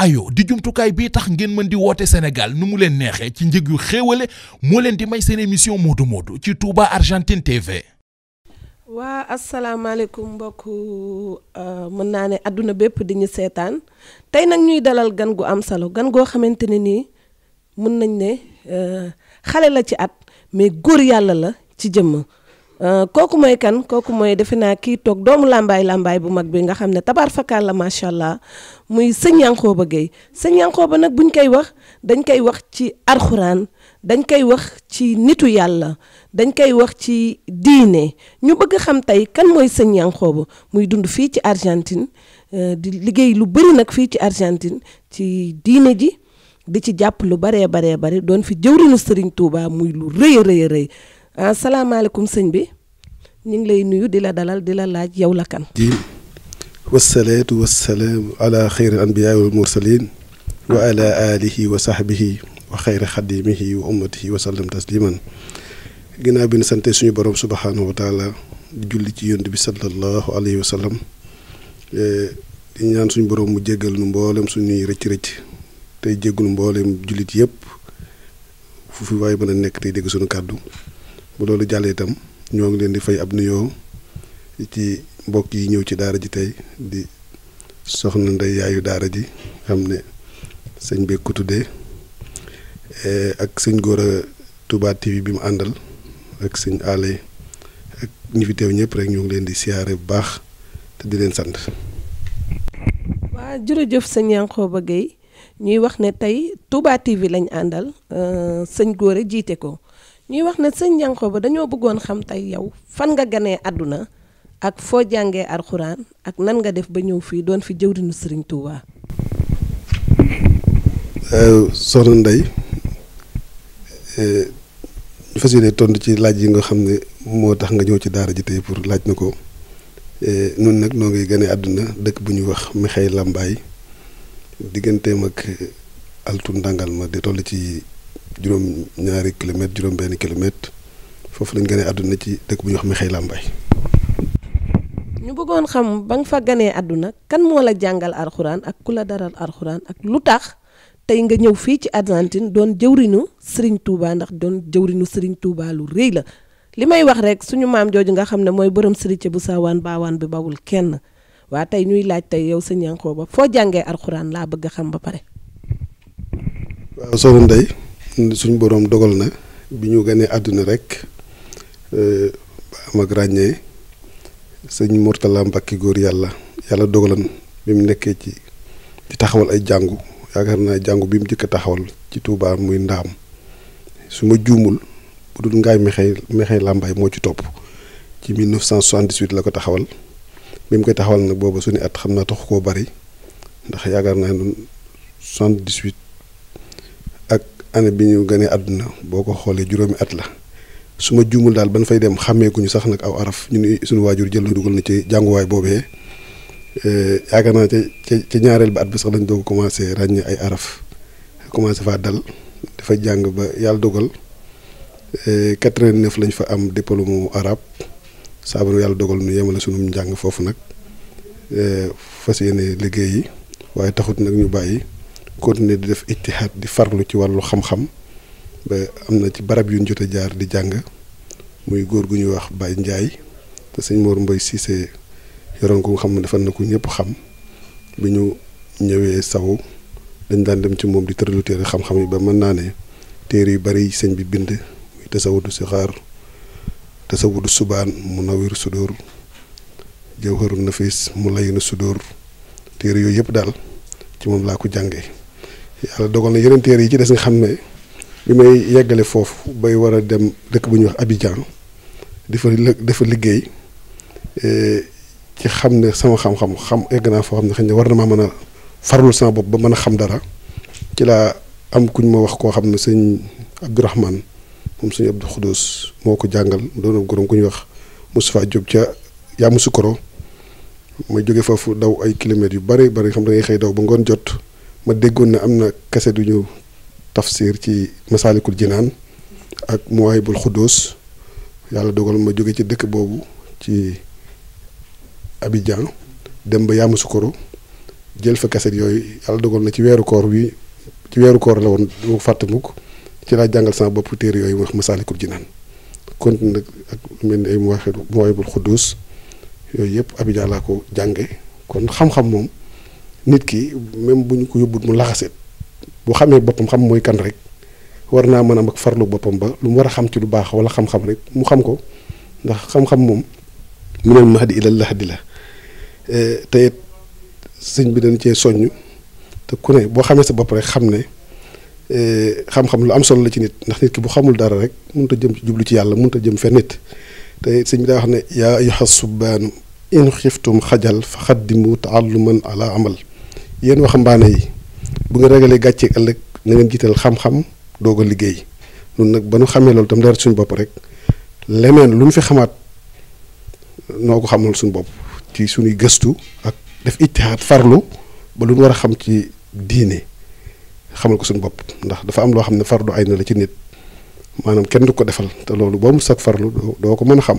ayo di jumtukaay bii tax ngeen mën di woote Sénégal ni mu leen neexee ci njëg yu xéewale moo leen di may seen émission Modou Modou ci Touba Argentine TV waa asalaamaaleykum mbokk euh, mën naa ne àdduna bépp di ñu seetaan tey nag ñuy dalal gan gu am solo gan goo xamante ne nii mën nañ ne euh, xale la ci at mais góor yàlla la ci jëmm Euh, kooku mooy kan kooku mooy defe naa kii toog doomu làmbaay làmbaay bu mag bi nga xam ne tabaar fakkaar la macha allah muy sëñ Yankhoba Gueye sëñ Yankhoba nag buñ koy wax dañ koy wax ci arxuraan dañ koy wax ci nitu yàlla dañ koy wax ci diine ñu bëgg xam tey kan mooy sëñ ba muy dund fii ci Argentine euh, di liggéey lu bëri nag fii ci Argentine ci diine ji di ci jàpp lu baree baree bare doon fi jëwriñu Sëriñ Tuubaa muy lu rëy a rëy a rëy asalaamaaleykum ah, sëñ bi ñu ngi lay nuyu di la dalal di la laaj yow la kan. di wasalaatu wasalaam ala xayri anbiyaa wal mursalin wa ala alihi wa sahbihi wa xayri xadimihi wa ummatihi wa sallam tasliman ginnaaw bi ñu sante suñu borom subhaanahu wa di julli ci yonent bi sallallahu alayhi wa eh, di ñaan suñu borom mu jéggal nu mboolem suñuy rëcc-rëcc tey jéggalu mboolem jullit yëpp fu fi waaye mën a nekk tey dégg suñu kàddu bu loolu jàllee itam. ñoo ngi leen di fay ab nuyoo ci mbokk yi ñëw ci daara ji tey di soxna ndey yaayu daara ji xam ne sëñ bi ko tuddee eh, ak sëñ góor a TV bi mu àndal ak sëñ Allé ak ñi fi teew ñëpp rek ñoo ngi leen di siyaare bu baax te di leen sant. waa jërëjëf sëñ Yankhoba Gueye ñuy wax ne tey Touba TV lañ àndal euh, sëñ góor a jiite ko. ñuy wax na sëñ ba dañoo bëggoon xam tey yow fan nga ganee àdduna ak foo jàngee alxuraan ak nan nga def ba ñëw fii doon fi jëwriñu sëriñ Touba. Euh, soxna Ndeye euh, ñu fas yéene tontu ci laaj yi nga xam ne moo tax nga ñëw ci daara ji tey pour laaj na ko euh, nun nag noo ngi gane àdduna dëkk bu ñuy wax Mekhay Lambaay digganteem ak altu ndàngal ma di toll ci juróom ñaari kilomètre juróom benn kilomètre foofu lañ gënee àdduna ci dëkk bu ñu wax mi xëy làmbaay ñu bëggoon xam ba nga fa ganee àdduna kan moo la jàngal alxuraan ak ku la daral arxuraan ak lu tax tey nga ñëw fii ci Argentine doon jëwriñu sëriñ Touba ndax doon jëwriñu Serigne Touba lu rëy la li may wax rek suñu maam jooju nga xam ne mooy borom sëriñ bu saawaan baawaan bi bawul kenn waa tey ñuy laaj tey yow sa sëñ ba foo jàngee alxuraan laa bëgg a xam ba pare. waaw suñ boroom dogal na bi ñu ganee àdduna rek euh, am ak ràññee sëñ Mourtala Mbacke góor yàlla yàlla dogalan bi mu nekkee ci di taxawal ay jàngu yaakaar naa jàngu bi mu njëkk a taxawal ci Touba muy ndaam su ma juumul bu dul ngaay mexey mexey làmbaay moo ci topp ci 1978 la ko taxawal bi mu koy taxawal nag booba suñu at xam naa taxu ko bari ndax yaakaar naa ne 78 année bi ñu gënee àdduna boo ko xoolee juróomi at la su ma juumul daal ban fay dem xàmmeekuñu sax nag aw araf ñu ñun suñu waajur jël na dugal na ci jànguwaay boobee euh, yaakaar naa ci ci ñaareel ba at bi sax lañ doo commencé ràññee ay araf commencé faa dal dafa jàng ba yàlla dogal 89 euh, lañ fa am diplôme mu arab saabanu yàlla dogal nu yemale sunu jàng foofu nag euh, fas yéene liggéey yi waaye taxut nag ñu bàyyi. continuer di def ijtihaad di farlu ci wàllu xam-xam ba am na ci barab yu ñu jot a jaar di jàng muy góor gu ñuy wax Baye njaay te sëñ Mor Mbaye Cissé yoroon ko xam ne defal na ko ñëpp xam bi ñu ñëwee saw dañ daan dem ci moom di tëralu téere xam yi ba mën naa ne téere yu bari sëñ bi bind muy tasawudu sixaar tasawudu subaan mu nawiru sudóor jawharu nafis mu layinu sudóor téere yooyu yëpp daal ci moom laa ko jànge yàlla dogal na yeneen téere yi ci des nga xam ne bi may yeggalee foofu bay war a dem dëkk bu ñuy wax Abidjan di fa dafa liggéey eh, ci xam ne sama xam-xam xam egg naa foo xam ne xëy ne war na maa mën a farlu sama bopp ba mën a xam dara ci laa am kuñ ma wax koo xam ne sëñ Abdourahman moom sëñ Abdou Khoudous moo ko jàngal doon góoram ku ñuy wax Moustapha Diop ca Yamoussoukro ma jóge foofu daw ay kilomètres yu bari bari xam da ngay xëy daw ba ngoon jot. ma déggoon na am na kese du ñu tafsir ci masaalikul jinaan ak muwaahibul xuddoos yàlla dogal ma jóge ci dëkk boobu ci Abidjan dem ba Yamoussoukro jël fa kaset yooyu yàlla dogal na ci weeru koor wi ci weeru koor la woon du fàtte mukk ci laa jàngal sama bopp téere yooyu wax masaalikul jinaan continué nag ak lu mel ni ay xuddoos yooyu yëpp Abidjan laa ko jànge kon xam-xam moom nit ki même bu ñu ko yóbbut mu laxaset boo xamee boppam xam mooy kan rek war naa mën a am ak farlu boppam ba lu mu war a xam ci lu baax wala xam-xam rek mu xam ko ndax xam-xam moom minal mahdi ilal lahdi la eh, te it sëñ bi dañ cee soññ te ku ne boo xamee sa bopp rek xam ne eh, xam-xam lu am solo la ci nit ndax nit ki bu xamul dara rek mun a jëm ci jublu ci yàlla mun a jëm fenn nit te sëñ bi daa wax ne yaa ayyuha subbaanu in xiftum xajal fa lu mën ala amal yéen waxambaane yi bu nga ragalee gàcce ëllëg na ngeen jiital xam-xam doog a liggéey nun nag ba nu xamee loolu tam dara suñu bopp rek lemeen lu ñu fi xamaat noo ko xamal suñu bopp ci suñuy gëstu ak def ittihaad farlu ba lu ñu war a xam ci diine xamal ko suñ bopp ndax dafa am loo xam ne fardu ay na la ci nit maanaam kenn du ko defal te loolu boo mu sag farlu doo ko mën a xam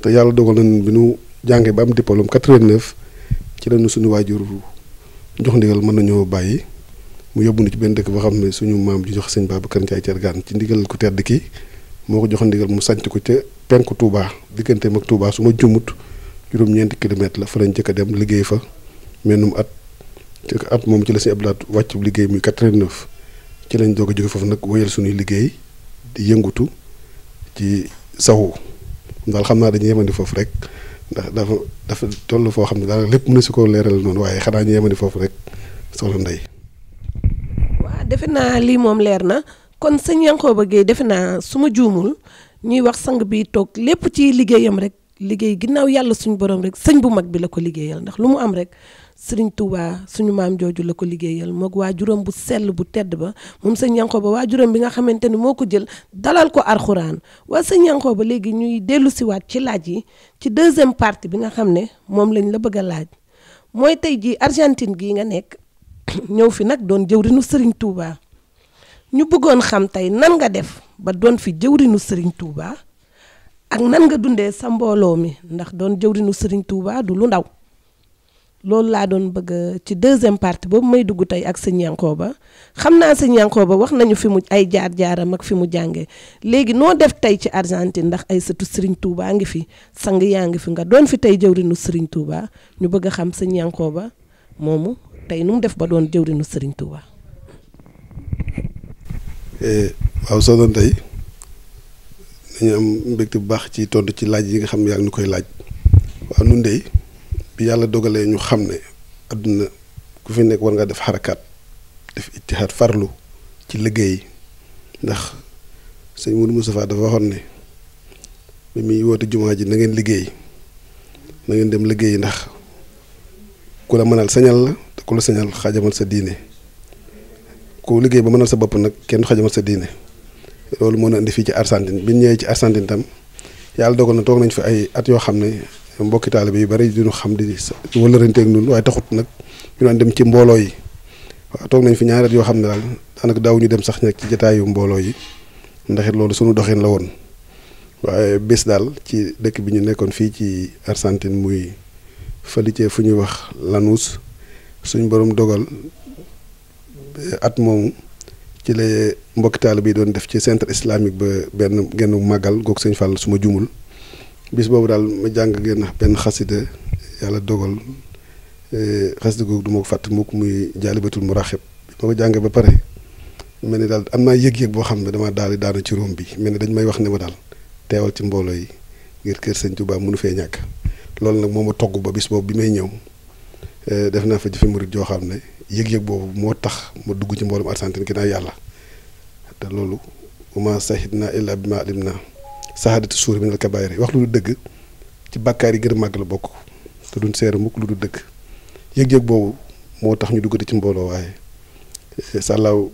te yàlla dogal na bi nu jàngee ba am diplôme 89 ci lañu suñu waajur jox ndigal mën nañoo bàyyi mu yóbbu nu ci benn dëkk boo xam ne suñu maam ji jox sëñ Babacar Ndiaye Thiergane ci ndigal ku tedd ki moo ko jox ndigal mu sànc ko ca penku Touba digganteem ak Touba su ma jumut juróom-ñeenti kilomètre la fa lañ jëkk a dem liggéey fa mennum at ci at moom ci la sëñ Abdou Lahad wàccu liggéey muy 89 ci lañ doog a jóge foofu nag wéyal suñuy liggéey di yëngutu ci sawu daal xam naa dañuy yemandi foofu rek ndax dafa dafa toll foo xam ne daal lépp mënu si ko leeral noonu waaye xanaa ñu yemani foofu rek soxla ndey. waaw defe naa lii moom leer na kon sëñ Yankhoba bëggee defe naa su ma juumul ñuy wax sang bi toog lépp ciy liggéeyam rek. liggéey ginnaaw yàlla suñu borom rek sëñ bu mag bi la ko liggéeyal ndax lu mu am rek sëriñ Touba suñu maam jooju la ko liggéeyal moog waajuram bu sell bu tedd ba moom sëñ Yankoba waajuram bi nga xamante ni moo ko jël dalal ko arxuraan waa sëñ Yankoba léegi ñuy dellu ci laaj yi ci deuxième partie bi nga xam ne moom lañ la bëgg a laaj mooy tey jii Argentine gi nga nekk ñëw fi nag doon jëwrinu sëriñ Touba ñu bëggoon xam tey nan nga def ba doon fi jëwrinu sëriñ Touba ak nan nga dundee sa mbooloo mi ndax doon jëwriñu Serigne Touba du lu ndaw loolu laa doon bëgg ci deuxième partie boobu may dugg tey ak sëñ ba xam naa sëñ ba wax nañu fi mu ay jaar-jaaram ak fi mu jàngee léegi noo def tey ci Argentine ndax ay sëtu tuuba Touba ngi fi sang yaa ngi fi nga doon fi tey jëwriñu Serigne Touba ñu bëgg a xam sëñ ba moomu tey nu mu def ba doon jëwrinu sëriñ Touba. Eh, waaw soo doon tey. dañu am mbégte bu baax ci tontu ci laaj yi nga xam ne yaa ngi koy laaj waaw nun dey bi yàlla dogalee ñu xam ne àdduna ku fi nekk war ngaa def xarakaat def ittihaad farlu ci liggéey ndax sëñ Mourou Moustapha dafa waxoon ne bi muy woote jumaa ji na liggéey na ngeen dem liggéey ndax ku la mënal sañal la te ku la sañal xajamal sa diine ku liggéey ba mënal sa bopp nag kenn xajamal sa diine loolu moo na indi fii ci Argentine bi ñu ñëwee ci Argentine tam yàlla dogal na toog nañ fi ay at yoo xam ne mbokki taalibe yu bari duñu xam di wëlërante ak ñun waaye taxut nag ñu doon dem ci mbooloo yi waaw toog nañ fi ñaar at yoo xam ne daal daanaka daaw ñu dem sax nag ci jataayu mbooloo yi ndax it loolu suñu doxin la woon waaye bés daal ci dëkk bi ñu nekkoon fii ci Argentine muy fële fu ñuy wax Lanús suñu boroom dogal eh, at moomu ci la mbokki taal bi doon def ci centre islamique ba benn genn màggal goog sëñ Fall su ma jumul bis boobu daal ma jàng genn benn xasida yàlla dogal eh, xasida googu du ma ko fàtte mukk muy jaalibatul muraxib ma ko jàngee ba pare mel ni daal am naa yëg-yëg boo xam ne dama daal di daanu ci róom bi mel ni dañ may wax ne ma daal teewal ci mbooloo yi ngir kër sëñ Tuubaa mënu fee ñàkk loolu nag moo ma togg ba bis boobu bi may ñëw Eh, def naa fa jëfe murit joo xam ne yëg-yëg boobu moo tax ma dugg ci mboolem Argentine ginnaaw yàlla te loolu uma sahid na illa bi ma alim na sahadatu suur minal kabaayir wax lu du dëgg ci bàkkaar yi gën a màgg la bokk te duñ seere mukk lu du dëgg yëg-yëg boobu moo tax ñu duggati ci mbooloo waaye eh, sàllaaw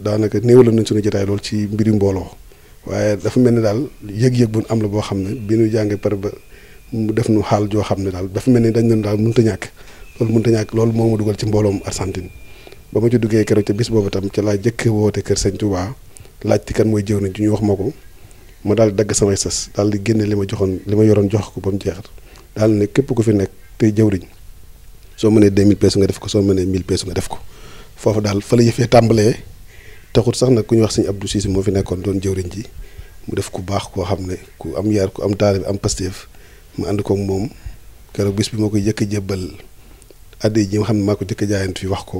daanaka néewaloon nañ suñu jotaay loolu ci mbiri mbooloo waaye dafa mel ni daal yëg-yëg bu am la boo xam ne bi ñu jàngee pare ba mu def nu xaal joo xam ne daal dafa mel ni dañ doon daal mënut a ñàkk loolu mënut a ñàkk loolu moo ma dugal ci mbooloom Argentine ba ma ci duggee keroog ca bis boobu tam ca laa jëkk woote kër sëñ Touba laaj ci kan mooy jëw nañ ci ñu wax ma ko ma daal di dagg samay sas daal di génne li ma joxoon li ma yoroon jox ko ba mu jeexat daal ne képp ku fi nekk tey jëwriñ soo mënee 2000 peesu nga def ko soo mënee 1000 peesu nga def ko foofu daal fa la yëfee tàmbalee taxut sax nag ku ñuy wax sëñ Abdou Cissé moo fi nekkoon doon jëwriñ ji mu def ku baax koo xam ne ku am yaar ku am taalibe am Pastef ma ànd ko moom keroog bi moo koy yëkk jébbal addiya ji nga xam ne maa ko jëkk a jaayant fi wax ko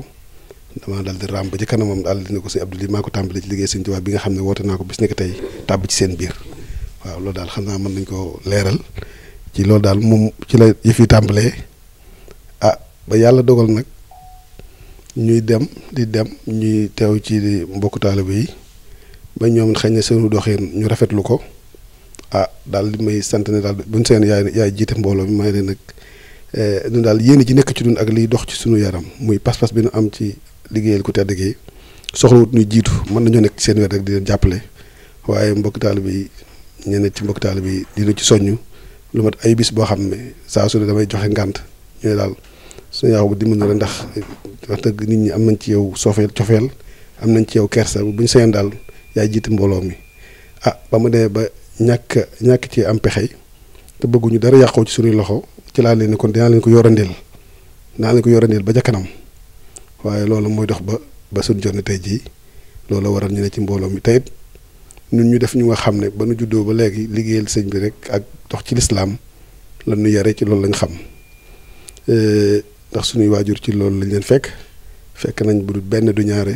dama daal di raam ba ci kanamam daal dina ko sëñ Abdou maa ko tàmbale ci liggéey sëñ Tuubaa bi nga xam ne woote naa ko bis nekk tey tàbb ci seen biir waaw loolu daal xam naa mën nañ ko leeral ci loolu daal moom ci la yi fi ah ba yàlla dogal nag ñuy dem di dem ñuy teew ci mbokku taalibe yi ba ñoom xëy na seenu doxin ñu rafetlu ko ah daal di may sant ne daal buñ seen yaay yaay jiite mbooloo mi may leen nag Eh, ñun daal yéen ji nekk ci ñun ak liy dox ci suñu yaram muy pas-pas bi nu am ci liggéeyal ku tedd gi soxlawut ñu jiitu mën nañoo nekk seen wet rek di jàppale waaye mbokk taal bi ñeneen ci mbokk taal bi dina ci soññ lu mat ay bis boo xam ne saa su damay joxe ngànt daal suñu yaaw bu dimbal na la ndax wax dëgg nit ñi am nañ ci yow soofeel cofeel am nañ ci yow kersa bu ñu sañoon daal yaay jiite mbooloo mi ah ba mu demee ba ñàkk ñàkk ci am pexey te bëgguñu dara yàqoo ci suñuy loxo ci laa leen ni kon dinaa leen ko yorandil dinaa leen ko yorandil ba ca kanam waaye loolu mooy dox ba ba suñu jonne tey jii loolu waral ñu ne ci mbooloo mi tey ñun ñu def ñu nga xam ne ba nu juddoo ba léegi liggéeyal sëñ bi rek ak dox ci lislaam la ñu yare ci loolu lañ xam ndax suñuy waajur ci loolu lañ leen fekk fekk nañ bu benn du ñaare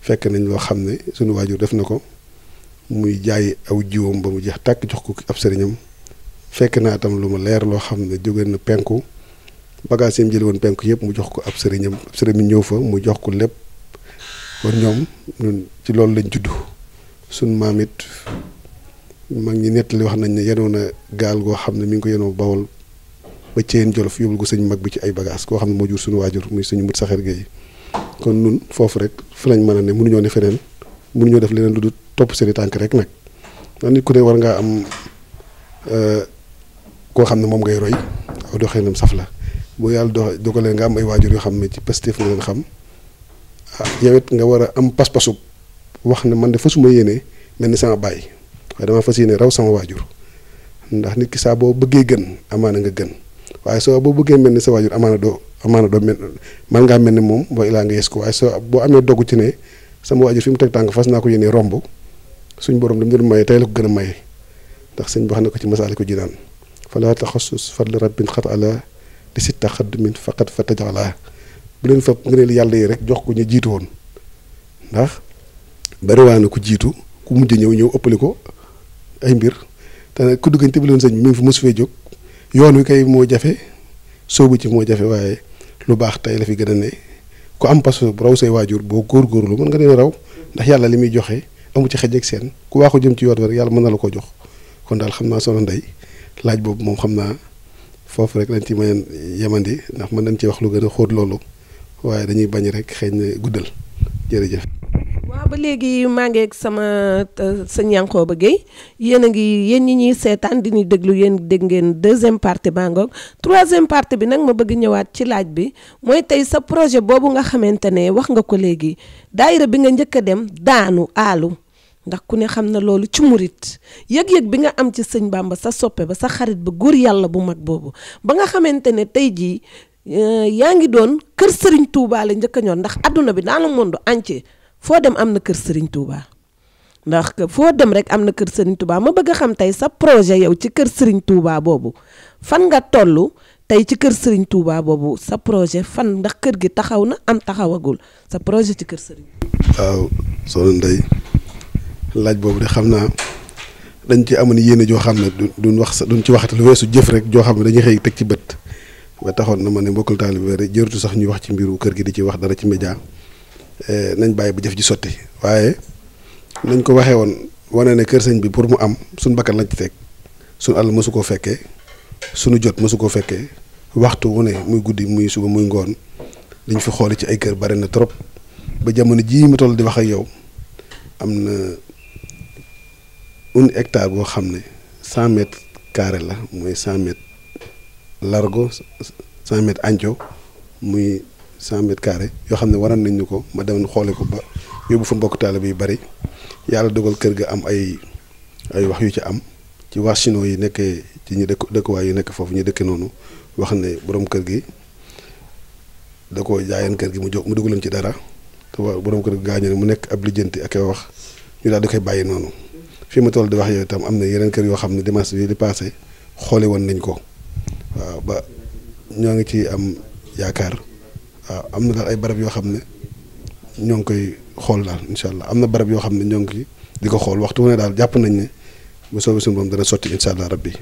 fekk nañ loo xam ne suñu waajur def na ko muy jaay aw jiwam ba mu jeex tàkk jox ko ab sëriñam fekk naa tam lu ma leer loo xam ne jóge na penku bagage yi mu woon penku yëpp mu jox ko ab sëriñam ab sëriñ ñëw fa mu jox ko lépp kon ñoom ñun ci loolu lañ juddu suñ maam it mag ñi nettali wax nañ ne yenoon na gaal goo xam ne mi ngi ko yenoo bawol ba ceen jolof yóbbul ko sëñ mag bi ci ay bagage koo xam ne moo jur suñu waajur muy suñu mut saxeer géey kon nun foofu rek fi lañ mën a mënuñoo ne feneen mënuñoo def leneen lu du topp seeni tànk rek nag ndax nit ku ne war ngaa am euh, koo xam ne moom ngay roy aw doxalinam saf la boo yàlla dox dogalee nga am ay waajur yoo xam ne ci Pastef nga leen xam ah yow nga war a am pas-pasu wax ne man de fasuma yéenee mel ni sama baay waaye dama fas yéene raw sama waajur ndax nit ki saa boo bëggee gën amaana nga gën waaye soo boo bëggee mel ni sa waajur amaana doo amaana doo mel man ngaa mel ni moom mooy laa nga yes ko waaye soo boo amee dogu ci ne sama waajur fi mu teg tànk fas naa ko yéene romb suñ borom dam doon maye tey la gën a maye ndax sëñ wax na ko ci masaali ko ji naan fala taxasus fadl rabbin xat ala di si taxaddumin faqat fa tajaxlaa bu leen fab ngëneel yàlla yi rek jox ko ñu jiitu woon ndax bariwaa na ku jiitu ku mujj ñëw ñëw ëppale ko ay mbir te ku duggañ tëbaloon sëñ bi mi ngi fi mosu fee jóg yoon wi kay moo jafe bu ci moo jafe waaye lu baax tey la fi gën a ne ku am pas bu raw say waajur boo góor góor lu mën nga leen raw ndax yàlla li muy joxe amu ci xëj ak seen ku ko jëm ci yoon rek yàlla mën na la ko jox kon daal xam naa soxna Ndeye laaj boobu moom xam naa foofu rek lañ ci mën yemandi ndax mën nañ ci wax lu gën a xóot loolu waaye dañuy bañ rek xëy na guddal jërëjëf. waaw ba léegi maa ngi ak sama euh, sëñ ba Guèye yéen a ngi yéen ñi ñuy seetaan di ñu déglu yéen dégg ngeen deuxième partie baa ngoog troisième partie bi nag ma bëgg ñëwaat ci laaj bi mooy tey sa projet boobu nga xamante ne wax nga ko léegi daayira bi nga njëkk a dem daanu aalu ndax ku ne xam na loolu ci murit yëg bi nga am ci sëñ Bamba sa soppe ba sa xarit ba góor yàlla bu mag boobu ba nga xamante ne tey jii euh, yaa ngi doon kër sëriñ Touba la njëkk ndax adduna bi dans le foo dem am na kër sëriñ Touba ndax foo dem rek am na kër sëriñ Touba ma bëgg a xam tey sa projet yow ci kër sëriñ Touba boobu fan nga tollu tey ci kër sëriñ tuubaa boobu sa projet fan ndax kër gi taxaw na am taxawagul sa projet ci kër sëriñ. waaw soxna Ndeye laaj boobu de xam naa dañ ci amoon yéene joo xam ne duñ wax duñ ci waxati lu su jëf rek joo xam ne dañuy xëy teg ci bët ba taxoon na ma ne mbokkal taalibe rek jërëtu sax ñuy wax ci mbiru kër gi di ci wax dara ci média eh, nañ bàyyi bu jëf ji sotti waaye nañ ko waxee woon wane ne kër sëñ bi pour mu am suñ bakkan lañ ci teg suñu àll mësu koo fekkee suñu jot mësu koo fekkee waxtu wu ne muy guddi muy suba muy ngoon liñ fi xooli ci ay kër bare na trop ba jamono jii ma di wax ak yow un hectare boo xam ne cent mètres carré la mooy cent mètres largo cent mètres muy cent mètres carré yoo xam ne waroon nañ ñu ko ma demoon xoole ko ba yóbbu fa mbokk taalibe yu bari yàlla dogal kër gi am ay ay wax yu ci am ci wax chinois yi nekk ci ñu dëkk dëkkuwaay yu nekk foofu ñu dëkke noonu wax ne boroom kër gi da ko jaayeen kër gi mu jox mu dugaleen ci dara te borom kër gi gaañu ne mu nekk ab lijjanti ak wax ñu daal da koy bàyyi noonu fii ma toll di wax yow itam am na yeneen kër yoo xam ne dimanche bi li passé xooli woon nañ ko waaw ba ñoo ngi ci am yaakaar waaw am na daal ay barab yoo xam ne ñoo ngi koy xool daal incha am na barab yoo xam ne ñoo ngi di ko xool waxtu ne daal jàpp nañ ne bu soobee suñu borom dana sotti incha allah bi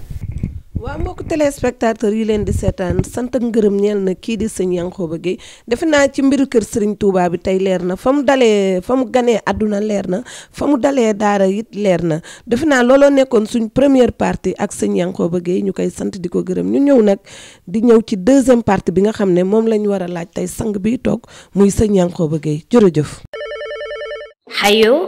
waaw mbokk téléspectateur yi leen di seetaan sant ak ngërëm ñeel na kii di sëñ Yankhoba Gueye defe naa ci mbiru kër Serigne Touba bi tey leer na fa mu dalee fa mu ganee àdduna leer na fa mu dalee daara it leer na defe naa looloo nekkoon suñ première partie ak sëñ Yankhoba Gueye ñu koy sant di ko gërëm ñu ñëw nag di ñëw ci deuxième partie bi nga xam ne moom la ñu war a laaj tey sang bi toog muy sëñ Yankhoba Gueye jërëjëf. allo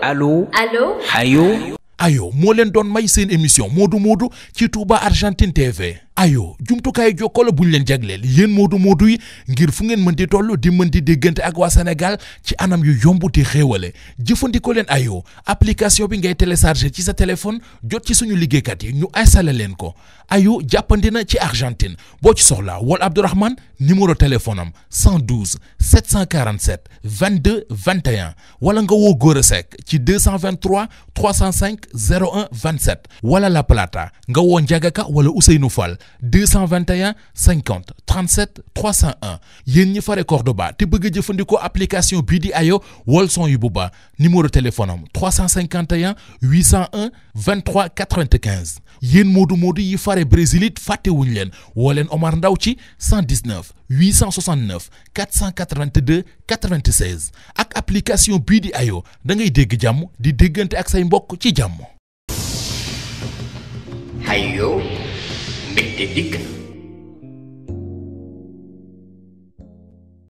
allo ayo moo leen doon may seen émission Modou Modou ci Touba Argentine TV ayo jumtukaay jokkoo la bu leen jagleel yéen moodu moodu ngir fu ngeen mën di toll di mën di déggante ak waa Sénégal ci anam yu yomb te xéewale jëfandikoo leen ayo application bi ngay télécharger ci sa téléphone jot ci suñu liggéeykat yi ñu installé leen ko ayo jàppandi na ci Argentine boo ci soxla wol Abdourahmane numéro téléphone am 112 747 22 21 wala nga woo Gora Seck ci 223 305 01 27 wala La Plata nga woo Ndiaga wala Ousseynou Fall 221 50 37 301 yéen ñi fare Cordoba te bëgg a jëfandikoo application bii di ayo wol son yu bu baax numéro téléphone am 351 801 23 95 yéen moodu moodu yi fare Brésil it fàttewuñu leen woo leen Omar Ndaw ci 119 869 482 96 ak application bii di ayo da ngay dégg jàmm di déggante ak say mbokk ci jàmm. Ayo. mbégte dikk